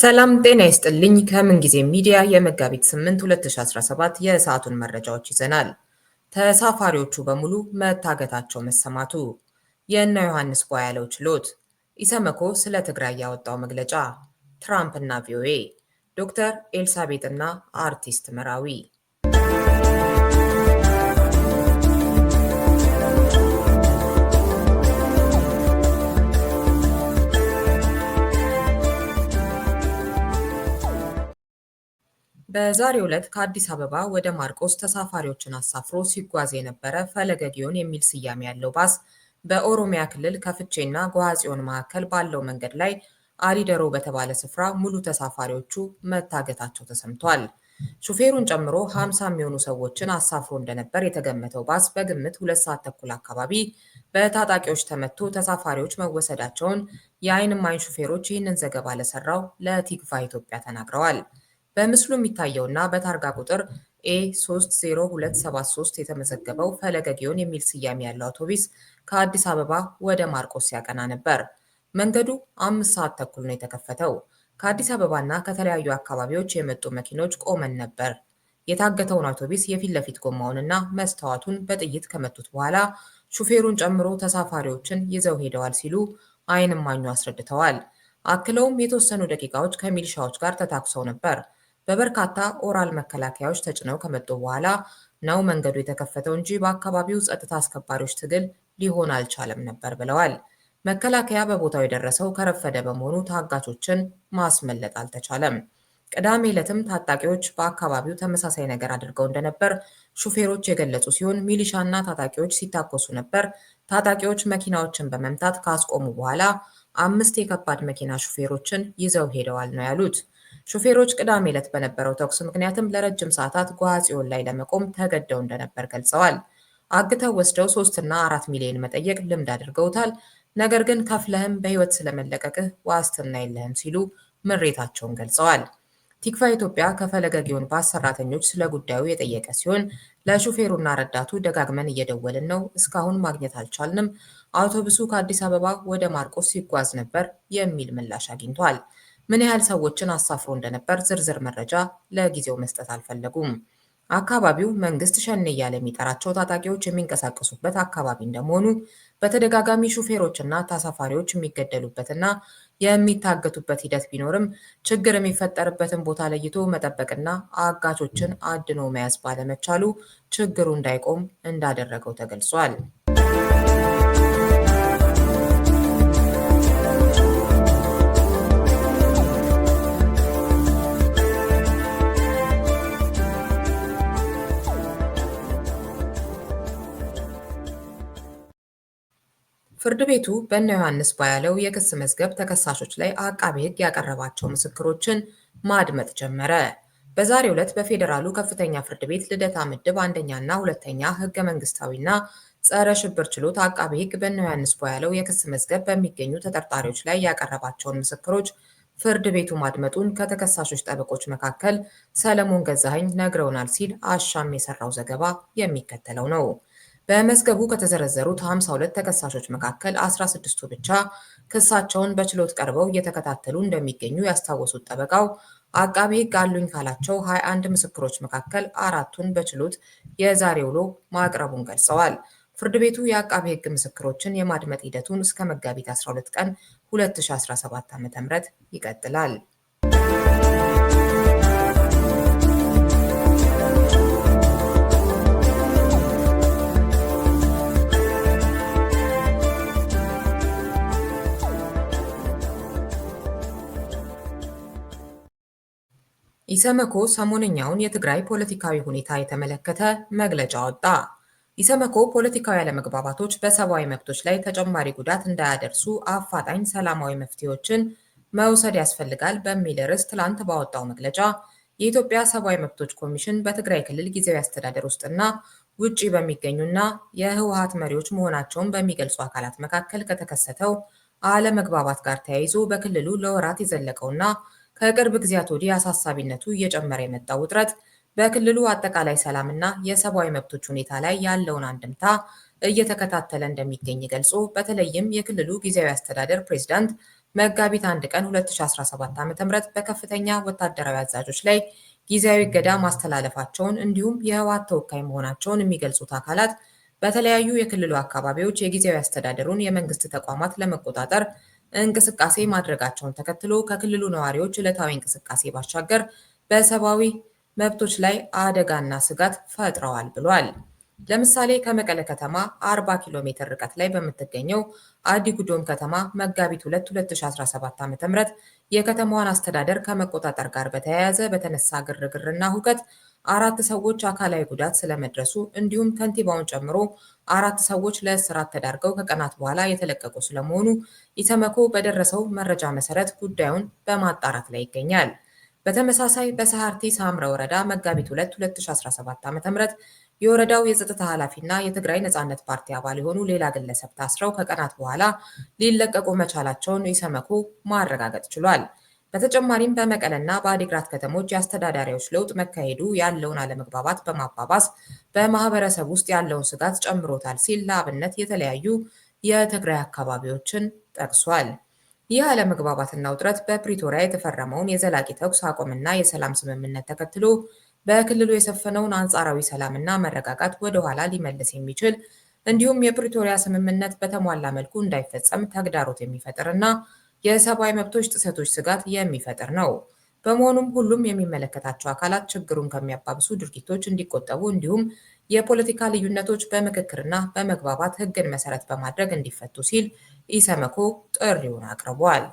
ሰላም ጤና ይስጥልኝ። ከምንጊዜ ሚዲያ የመጋቢት 8 2017 የሰዓቱን መረጃዎች ይዘናል። ተሳፋሪዎቹ በሙሉ መታገታቸው መሰማቱ፣ የእነ ዮሐንስ ቧያለው ችሎት፣ ኢሰመኮ ስለ ትግራይ ያወጣው መግለጫ፣ ትራምፕና ቪኦኤ፣ ዶክተር ኤልሳቤጥና አርቲስት መራዊ በዛሬው ዕለት ከአዲስ አበባ ወደ ማርቆስ ተሳፋሪዎችን አሳፍሮ ሲጓዝ የነበረ ፈለገ ጊዮን የሚል ስያሜ ያለው ባስ በኦሮሚያ ክልል ከፍቼና ጎሃጽዮን መካከል ባለው መንገድ ላይ አሪደሮ በተባለ ስፍራ ሙሉ ተሳፋሪዎቹ መታገታቸው ተሰምቷል። ሹፌሩን ጨምሮ 50 የሚሆኑ ሰዎችን አሳፍሮ እንደነበር የተገመተው ባስ በግምት ሁለት ሰዓት ተኩል አካባቢ በታጣቂዎች ተመቶ ተሳፋሪዎች መወሰዳቸውን የአይን እማኝ ሹፌሮች ይህንን ዘገባ ለሰራው ለቲግቫ ኢትዮጵያ ተናግረዋል። በምስሉ የሚታየውና በታርጋ ቁጥር ኤ30273 የተመዘገበው ፈለገ ጊዮን የሚል ስያሜ ያለው አውቶቡስ ከአዲስ አበባ ወደ ማርቆስ ሲያቀና ነበር። መንገዱ አምስት ሰዓት ተኩል ነው የተከፈተው። ከአዲስ አበባና ከተለያዩ አካባቢዎች የመጡ መኪኖች ቆመን ነበር። የታገተውን አውቶቡስ የፊት ለፊት ጎማውንና መስታወቱን በጥይት ከመቱት በኋላ ሹፌሩን ጨምሮ ተሳፋሪዎችን ይዘው ሄደዋል ሲሉ ዓይን እማኙ አስረድተዋል። አክለውም የተወሰኑ ደቂቃዎች ከሚሊሻዎች ጋር ተታኩሰው ነበር። በበርካታ ኦራል መከላከያዎች ተጭነው ከመጡ በኋላ ነው መንገዱ የተከፈተው እንጂ በአካባቢው ጸጥታ አስከባሪዎች ትግል ሊሆን አልቻለም ነበር ብለዋል። መከላከያ በቦታው የደረሰው ከረፈደ በመሆኑ ታጋቾችን ማስመለጥ አልተቻለም። ቅዳሜ ዕለትም ታጣቂዎች በአካባቢው ተመሳሳይ ነገር አድርገው እንደነበር ሹፌሮች የገለጹ ሲሆን ሚሊሻና ታጣቂዎች ሲታኮሱ ነበር። ታጣቂዎች መኪናዎችን በመምታት ካስቆሙ በኋላ አምስት የከባድ መኪና ሹፌሮችን ይዘው ሄደዋል ነው ያሉት። ሾፌሮች ቅዳሜ ዕለት በነበረው ተኩስ ምክንያትም ለረጅም ሰዓታት ጎሃጽዮን ላይ ለመቆም ተገደው እንደነበር ገልጸዋል። አግተው ወስደው ሶስትና አራት ሚሊዮን መጠየቅ ልምድ አድርገውታል። ነገር ግን ከፍለህም በህይወት ስለመለቀቅህ ዋስትና የለህም ሲሉ ምሬታቸውን ገልጸዋል። ቲክፋ ኢትዮጵያ ከፈለገ ጊዮን ባስ ሰራተኞች ስለ ጉዳዩ የጠየቀ ሲሆን ለሹፌሩና ረዳቱ ደጋግመን እየደወልን ነው፣ እስካሁን ማግኘት አልቻልንም፣ አውቶቡሱ ከአዲስ አበባ ወደ ማርቆስ ሲጓዝ ነበር የሚል ምላሽ አግኝቷል። ምን ያህል ሰዎችን አሳፍሮ እንደነበር ዝርዝር መረጃ ለጊዜው መስጠት አልፈለጉም። አካባቢው መንግስት ሸኔ እያለ የሚጠራቸው ታጣቂዎች የሚንቀሳቀሱበት አካባቢ እንደመሆኑ በተደጋጋሚ ሹፌሮችና ተሳፋሪዎች የሚገደሉበትና የሚታገቱበት ሂደት ቢኖርም ችግር የሚፈጠርበትን ቦታ ለይቶ መጠበቅና አጋቾችን አድኖ መያዝ ባለመቻሉ ችግሩ እንዳይቆም እንዳደረገው ተገልጿል። ፍርድ ቤቱ በእነ ዮሐንስ ባያለው የክስ መዝገብ ተከሳሾች ላይ አቃቤ ሕግ ያቀረባቸው ምስክሮችን ማድመጥ ጀመረ። በዛሬው ዕለት በፌዴራሉ ከፍተኛ ፍርድ ቤት ልደታ ምድብ አንደኛና ሁለተኛ ህገ መንግስታዊና ጸረ ሽብር ችሎት አቃቤ ህግ በእነ ዮሐንስ ባያለው የክስ መዝገብ በሚገኙ ተጠርጣሪዎች ላይ ያቀረባቸውን ምስክሮች ፍርድ ቤቱ ማድመጡን ከተከሳሾች ጠበቆች መካከል ሰለሞን ገዛኸኝ ነግረውናል ሲል አሻም የሰራው ዘገባ የሚከተለው ነው። በመዝገቡ ከተዘረዘሩት 52 ተከሳሾች መካከል 16ቱ ብቻ ክሳቸውን በችሎት ቀርበው እየተከታተሉ እንደሚገኙ ያስታወሱት ጠበቃው አቃቢ ሕግ አሉኝ ካላቸው 21 ምስክሮች መካከል አራቱን በችሎት የዛሬ ውሎ ማቅረቡን ገልጸዋል። ፍርድ ቤቱ የአቃቢ ሕግ ምስክሮችን የማድመጥ ሂደቱን እስከ መጋቢት 12 ቀን 2017 ዓ.ም ይቀጥላል። ኢሰመኮ ሰሞንኛውን የትግራይ ፖለቲካዊ ሁኔታ የተመለከተ መግለጫ ወጣ። ኢሰመኮ ፖለቲካዊ አለመግባባቶች በሰብአዊ መብቶች ላይ ተጨማሪ ጉዳት እንዳያደርሱ አፋጣኝ ሰላማዊ መፍትሄዎችን መውሰድ ያስፈልጋል በሚል ርዕስ ትላንት ባወጣው መግለጫ የኢትዮጵያ ሰብአዊ መብቶች ኮሚሽን በትግራይ ክልል ጊዜያዊ አስተዳደር ውስጥና ውጪ በሚገኙና የህወሀት መሪዎች መሆናቸውን በሚገልጹ አካላት መካከል ከተከሰተው አለመግባባት ጋር ተያይዞ በክልሉ ለወራት የዘለቀውና ከቅርብ ጊዜያት ወዲህ አሳሳቢነቱ እየጨመረ የመጣው ውጥረት በክልሉ አጠቃላይ ሰላምና የሰብአዊ መብቶች ሁኔታ ላይ ያለውን አንድምታ እየተከታተለ እንደሚገኝ ገልጾ በተለይም የክልሉ ጊዜያዊ አስተዳደር ፕሬዝዳንት መጋቢት አንድ ቀን 2017 ዓ.ም በከፍተኛ ወታደራዊ አዛዦች ላይ ጊዜያዊ እገዳ ማስተላለፋቸውን እንዲሁም የህወሓት ተወካይ መሆናቸውን የሚገልጹት አካላት በተለያዩ የክልሉ አካባቢዎች የጊዜያዊ አስተዳደሩን የመንግስት ተቋማት ለመቆጣጠር እንቅስቃሴ ማድረጋቸውን ተከትሎ ከክልሉ ነዋሪዎች ዕለታዊ እንቅስቃሴ ባሻገር በሰብአዊ መብቶች ላይ አደጋና ስጋት ፈጥረዋል ብሏል። ለምሳሌ ከመቀለ ከተማ 40 ኪሎ ሜትር ርቀት ላይ በምትገኘው አዲጉዶም ከተማ መጋቢት 2 2017 ዓ.ም የከተማዋን አስተዳደር ከመቆጣጠር ጋር በተያያዘ በተነሳ ግርግርና ሁከት አራት ሰዎች አካላዊ ጉዳት ስለመድረሱ እንዲሁም ከንቲባውን ጨምሮ አራት ሰዎች ለእስራት ተዳርገው ከቀናት በኋላ የተለቀቁ ስለመሆኑ ኢሰመኮ በደረሰው መረጃ መሰረት ጉዳዩን በማጣራት ላይ ይገኛል። በተመሳሳይ በሰሃርቲ ሳምረ ወረዳ መጋቢት 2 2017 ዓ.ም የወረዳው የጸጥታ ኃላፊና የትግራይ ነጻነት ፓርቲ አባል የሆኑ ሌላ ግለሰብ ታስረው ከቀናት በኋላ ሊለቀቁ መቻላቸውን ኢሰመኮ ማረጋገጥ ችሏል። በተጨማሪም በመቀለና በአዲግራት ከተሞች የአስተዳዳሪዎች ለውጥ መካሄዱ ያለውን አለመግባባት በማባባስ በማህበረሰብ ውስጥ ያለውን ስጋት ጨምሮታል ሲል ለአብነት የተለያዩ የትግራይ አካባቢዎችን ጠቅሷል። ይህ አለመግባባትና ውጥረት በፕሪቶሪያ የተፈረመውን የዘላቂ ተኩስ አቁምና የሰላም ስምምነት ተከትሎ በክልሉ የሰፈነውን አንጻራዊ ሰላምና መረጋጋት ወደኋላ ሊመልስ የሚችል እንዲሁም የፕሪቶሪያ ስምምነት በተሟላ መልኩ እንዳይፈጸም ተግዳሮት የሚፈጥርና የሰብአዊ መብቶች ጥሰቶች ስጋት የሚፈጥር ነው። በመሆኑም ሁሉም የሚመለከታቸው አካላት ችግሩን ከሚያባብሱ ድርጊቶች እንዲቆጠቡ እንዲሁም የፖለቲካ ልዩነቶች በምክክርና በመግባባት ሕግን መሰረት በማድረግ እንዲፈቱ ሲል ኢሰመኮ ጥሪውን አቅርቧል።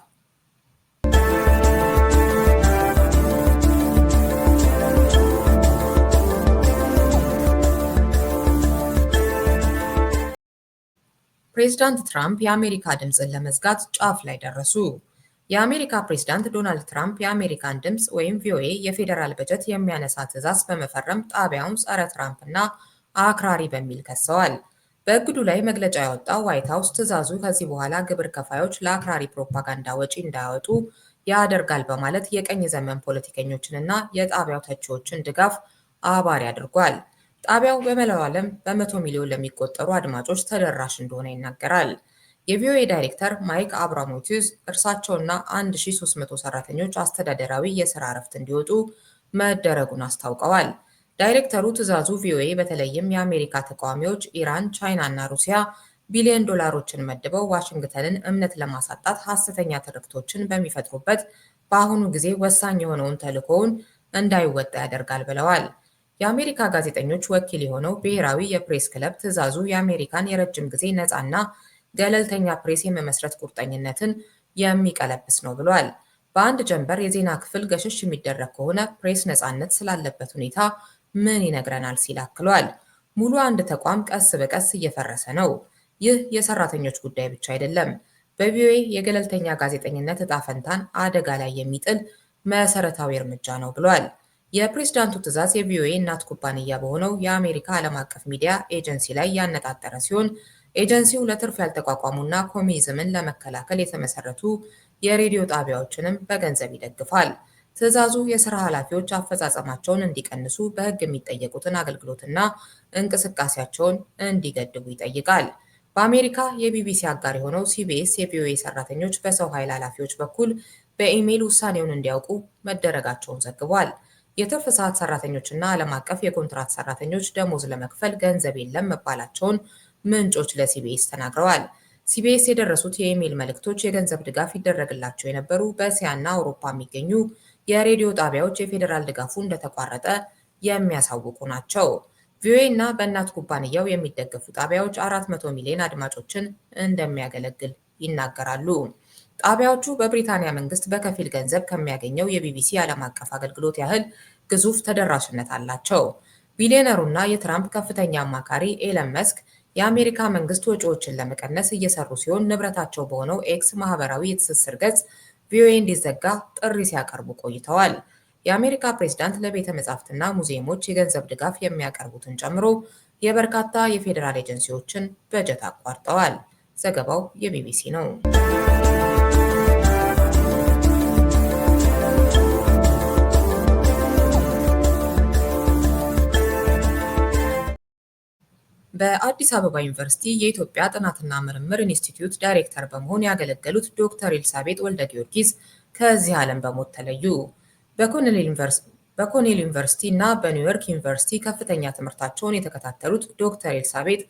ፕሬዝዳንት ትራምፕ የአሜሪካ ድምፅን ለመዝጋት ጫፍ ላይ ደረሱ። የአሜሪካ ፕሬዝዳንት ዶናልድ ትራምፕ የአሜሪካን ድምፅ ወይም ቪኦኤ የፌዴራል በጀት የሚያነሳ ትዕዛዝ በመፈረም ጣቢያውን ጸረ ትራምፕ እና አክራሪ በሚል ከሰዋል። በእግዱ ላይ መግለጫ ያወጣው ዋይት ሀውስ ትዕዛዙ ከዚህ በኋላ ግብር ከፋዮች ለአክራሪ ፕሮፓጋንዳ ወጪ እንዳያወጡ ያደርጋል በማለት የቀኝ ዘመን ፖለቲከኞችንና የጣቢያው ተቺዎችን ድጋፍ አባሪ አድርጓል። ጣቢያው በመላው ዓለም በመቶ ሚሊዮን ለሚቆጠሩ አድማጮች ተደራሽ እንደሆነ ይናገራል። የቪኦኤ ዳይሬክተር ማይክ አብራሞቲዝ እርሳቸውና 1300 ሰራተኞች አስተዳደራዊ የሥራ እረፍት እንዲወጡ መደረጉን አስታውቀዋል። ዳይሬክተሩ ትዕዛዙ ቪኦኤ በተለይም የአሜሪካ ተቃዋሚዎች ኢራን፣ ቻይና እና ሩሲያ ቢሊዮን ዶላሮችን መድበው ዋሽንግተንን እምነት ለማሳጣት ሐሰተኛ ትርክቶችን በሚፈጥሩበት በአሁኑ ጊዜ ወሳኝ የሆነውን ተልዕኮውን እንዳይወጣ ያደርጋል ብለዋል። የአሜሪካ ጋዜጠኞች ወኪል የሆነው ብሔራዊ የፕሬስ ክለብ ትዕዛዙ የአሜሪካን የረጅም ጊዜ ነፃና ገለልተኛ ፕሬስ የመመስረት ቁርጠኝነትን የሚቀለብስ ነው ብሏል። በአንድ ጀንበር የዜና ክፍል ገሸሽ የሚደረግ ከሆነ ፕሬስ ነፃነት ስላለበት ሁኔታ ምን ይነግረናል ሲል አክሏል። ሙሉ አንድ ተቋም ቀስ በቀስ እየፈረሰ ነው። ይህ የሰራተኞች ጉዳይ ብቻ አይደለም። በቪኦኤ የገለልተኛ ጋዜጠኝነት እጣ ፈንታን አደጋ ላይ የሚጥል መሰረታዊ እርምጃ ነው ብሏል። የፕሬዝዳንቱ ትዕዛዝ የቪኦኤ እናት ኩባንያ በሆነው የአሜሪካ ዓለም አቀፍ ሚዲያ ኤጀንሲ ላይ ያነጣጠረ ሲሆን ኤጀንሲው ለትርፍ ያልተቋቋሙና ኮሚኒዝምን ለመከላከል የተመሰረቱ የሬዲዮ ጣቢያዎችንም በገንዘብ ይደግፋል። ትዕዛዙ የሥራ ኃላፊዎች አፈጻጸማቸውን እንዲቀንሱ፣ በሕግ የሚጠየቁትን አገልግሎትና እንቅስቃሴያቸውን እንዲገድቡ ይጠይቃል። በአሜሪካ የቢቢሲ አጋር የሆነው ሲቢኤስ የቪኦኤ ሰራተኞች በሰው ኃይል ኃላፊዎች በኩል በኢሜይል ውሳኔውን እንዲያውቁ መደረጋቸውን ዘግቧል። የትርፍ ሰዓት ሰራተኞችና ዓለም አቀፍ የኮንትራት ሰራተኞች ደሞዝ ለመክፈል ገንዘብ የለም መባላቸውን ምንጮች ለሲቢኤስ ተናግረዋል። ሲቢኤስ የደረሱት የኢሜይል መልእክቶች የገንዘብ ድጋፍ ይደረግላቸው የነበሩ በእስያና አውሮፓ የሚገኙ የሬዲዮ ጣቢያዎች የፌዴራል ድጋፉ እንደተቋረጠ የሚያሳውቁ ናቸው። ቪኦኤ እና በእናት ኩባንያው የሚደገፉ ጣቢያዎች 400 ሚሊዮን አድማጮችን እንደሚያገለግል ይናገራሉ። ጣቢያዎቹ በብሪታንያ መንግስት በከፊል ገንዘብ ከሚያገኘው የቢቢሲ ዓለም አቀፍ አገልግሎት ያህል ግዙፍ ተደራሽነት አላቸው። ቢሊዮነሩና የትራምፕ ከፍተኛ አማካሪ ኤለን መስክ የአሜሪካ መንግስት ወጪዎችን ለመቀነስ እየሰሩ ሲሆን ንብረታቸው በሆነው ኤክስ ማህበራዊ የትስስር ገጽ ቪኦኤ እንዲዘጋ ጥሪ ሲያቀርቡ ቆይተዋል። የአሜሪካ ፕሬዚዳንት ለቤተ መጻሕፍትና ሙዚየሞች የገንዘብ ድጋፍ የሚያቀርቡትን ጨምሮ የበርካታ የፌዴራል ኤጀንሲዎችን በጀት አቋርጠዋል። ዘገባው የቢቢሲ ነው። በአዲስ አበባ ዩኒቨርሲቲ የኢትዮጵያ ጥናትና ምርምር ኢንስቲትዩት ዳይሬክተር በመሆን ያገለገሉት ዶክተር ኤልሳቤጥ ወልደ ጊዮርጊስ ከዚህ ዓለም በሞት ተለዩ። በኮኔል ዩኒቨርሲቲ እና በኒውዮርክ ዩኒቨርሲቲ ከፍተኛ ትምህርታቸውን የተከታተሉት ዶክተር ኤልሳቤጥ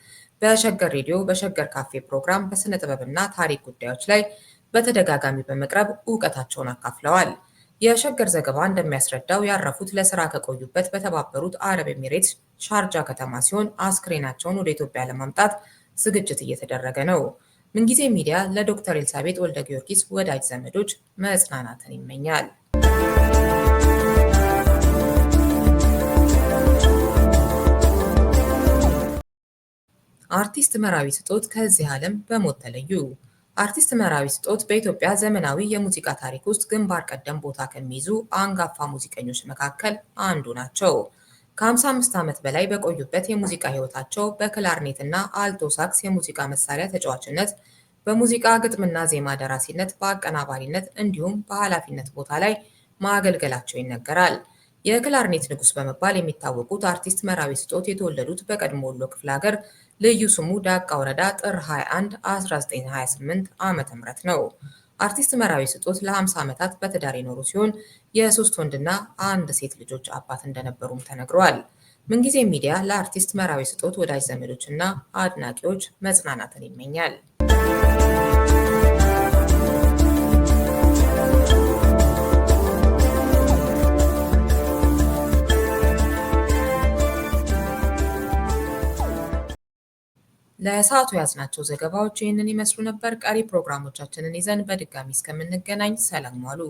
በሸገር ሬዲዮ በሸገር ካፌ ፕሮግራም በስነ ጥበብና ታሪክ ጉዳዮች ላይ በተደጋጋሚ በመቅረብ እውቀታቸውን አካፍለዋል። የሸገር ዘገባ እንደሚያስረዳው ያረፉት ለስራ ከቆዩበት በተባበሩት አረብ ኤሚሬትስ ሻርጃ ከተማ ሲሆን አስክሬናቸውን ወደ ኢትዮጵያ ለማምጣት ዝግጅት እየተደረገ ነው። ምንጊዜ ሚዲያ ለዶክተር ኤልሳቤጥ ወልደ ጊዮርጊስ ወዳጅ ዘመዶች መጽናናትን ይመኛል። አርቲስት መራዊ ስጦት ከዚህ ዓለም በሞት ተለዩ። አርቲስት መራዊ ስጦት በኢትዮጵያ ዘመናዊ የሙዚቃ ታሪክ ውስጥ ግንባር ቀደም ቦታ ከሚይዙ አንጋፋ ሙዚቀኞች መካከል አንዱ ናቸው። ከ55 ዓመት በላይ በቆዩበት የሙዚቃ ሕይወታቸው በክላርኔት እና አልቶ ሳክስ የሙዚቃ መሳሪያ ተጫዋችነት፣ በሙዚቃ ግጥምና ዜማ ደራሲነት፣ በአቀናባሪነት እንዲሁም በኃላፊነት ቦታ ላይ ማገልገላቸው ይነገራል። የክላርኔት ንጉስ በመባል የሚታወቁት አርቲስት መራዊ ስጦት የተወለዱት በቀድሞ ወሎ ክፍለ ሀገር ልዩ ስሙ ዳቃ ወረዳ ጥር 21 1928 ዓ.ም ነው። አርቲስት መራዊ ስጦት ለ50 ዓመታት በትዳር የኖሩ ሲሆን የሶስት ወንድና አንድ ሴት ልጆች አባት እንደነበሩም ተነግረዋል። ምንጊዜ ሚዲያ ለአርቲስት መራዊ ስጦት ወዳጅ ዘመዶችና አድናቂዎች መጽናናትን ይመኛል። ለሰዓቱ የያዝናቸው ዘገባዎች ይህንን ይመስሉ ነበር። ቀሪ ፕሮግራሞቻችንን ይዘን በድጋሚ እስከምንገናኝ ሰላም ዋሉ።